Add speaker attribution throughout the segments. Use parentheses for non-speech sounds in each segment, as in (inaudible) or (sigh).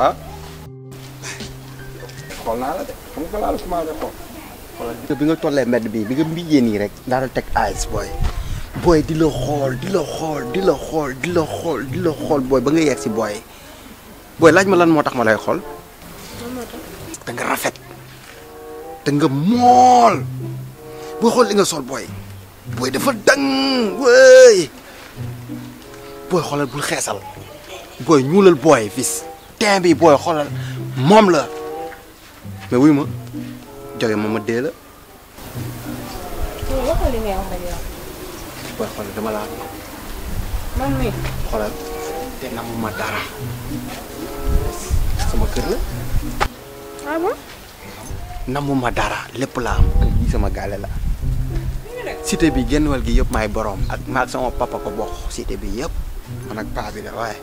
Speaker 1: ah xool naa la nga laa la
Speaker 2: commencé bi nga tollee mbedd bi nga mbijee nii rek. daa doon teg ice booy. booy di la xool di la xool di la xool di la xool di la xool booy ba nga yegg si booy booy laaj ma lan moo tax ma lay xool. te nga rafet te nga mool boo xool li nga sol booy booy dafa dang wéy booy xoolal bul xeesal booy ñuulal booy fis teint bi booy xoolal moom la mais wuy ma joge ma ma dee la. yow booy xoolal dama laa am. man mii. xoolal te namuma dara
Speaker 1: sama kër la. ah
Speaker 2: bon. dara lépp laa am ak lii sama gaale la. cité bi genn wàll gi yëpp maay borom ak maag sama papa ko bokk cité bi yëpp man ak paa bi la waaye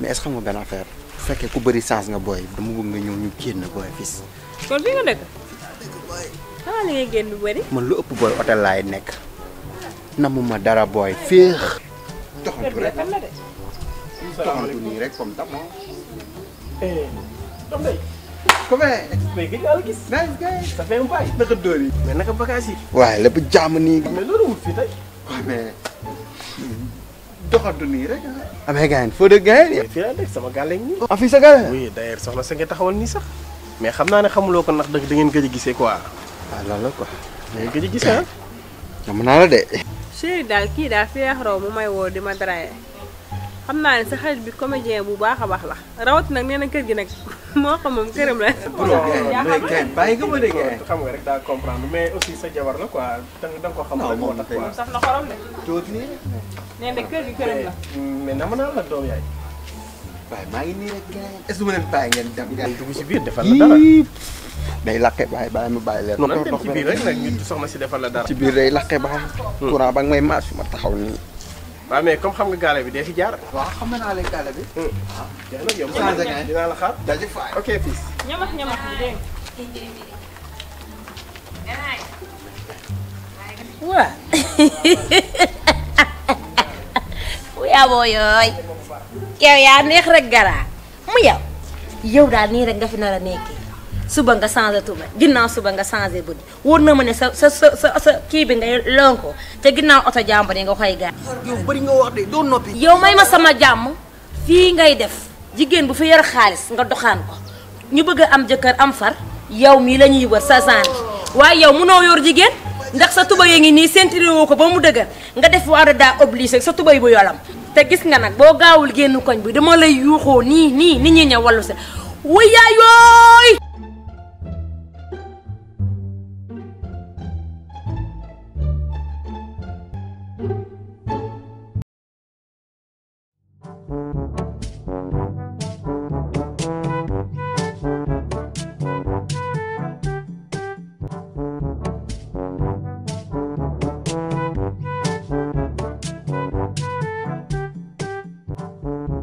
Speaker 2: mais est-ce que benn affaire. bu fekkee ku bëri chance nga booy dama bëgg nga ñëw ñu génn booy fis
Speaker 1: kon fi nga dëkk xanaa li
Speaker 2: bu bëri dara booy féex
Speaker 1: doxantu
Speaker 2: nii rek comme dama ah.
Speaker 1: eh, Comment mais gëj la gis. jàmm nii. doxantu nii rek ah. amee gaañ foo yi. fii laa dëkk sama gàllank nii. ah fii sa gàllank. oui d'ailleurs soxna sa nga taxawal nii sax. mais xam naa ne xamuloo ko ndax da ngeen gëj a gisee quoi. waaw ah, loolu la quoi. da ngeen gëj a gisee ah. xam naa la de. chéri kii daal fi raw mu may woo di ma draye. xam naa ne sa xarit bi comédien bu baax a baax la rawat nag nee na kër gi nag (laughs) moo xam moom këram la. (laughs) bàyyi nga ma de xam nga rek daa comprendre mais aussi sa jabar la ko xam. na xorom de. tuuti nee na kër gi këram la. mais mm, nama naa la doom yaay. maa ngi nii ma leen bàyyi ngeen dem. ngeen si biir defal la
Speaker 2: dara day laqe bàyyi bàyyi ma bàyyi leen. non non dem nag
Speaker 1: si defal la dara. ci biir day laqe bàyyi. Hmm.
Speaker 2: courant ba nga may maas ma taxaw nii.
Speaker 1: waaw mais comme xam nga gaale bi dee fi jaar.
Speaker 2: waaw xam naa ne gaale bi.
Speaker 1: ah jërëjëf yow dinaa la xaar jaajëf waay ok fii. ñamax ñamax bi mu yaa boo
Speaker 2: yaa neex rek garaa mu yow yow daal nii rek nga fi nar suba nga changé tuba ginnaaw suba nga changé bët wóor na ma ne sa sa sa sa kii bi ngay lonko te ginnaaw oto jàmbur yi nga koy gaar. yow bëri nga wax doo noppi. yow may ma sama jàmm fii ngay def jigéen bu fi yor xaalis nga doxaan ko ñu bëgg a am jëkkër am far yow mii lañuy ñuy wër sa sànni waaye yow munoo yor jigéen. ndax sa tuba yi ngi nii ceinture woo ko ba mu dëgër nga def waa daa obligé sa tubay bu yolam te gis nga nag boo gaawul génn koñ bi dama lay yuuxoo nii nii nit ñi ñëw wàllu sa
Speaker 1: Thank you.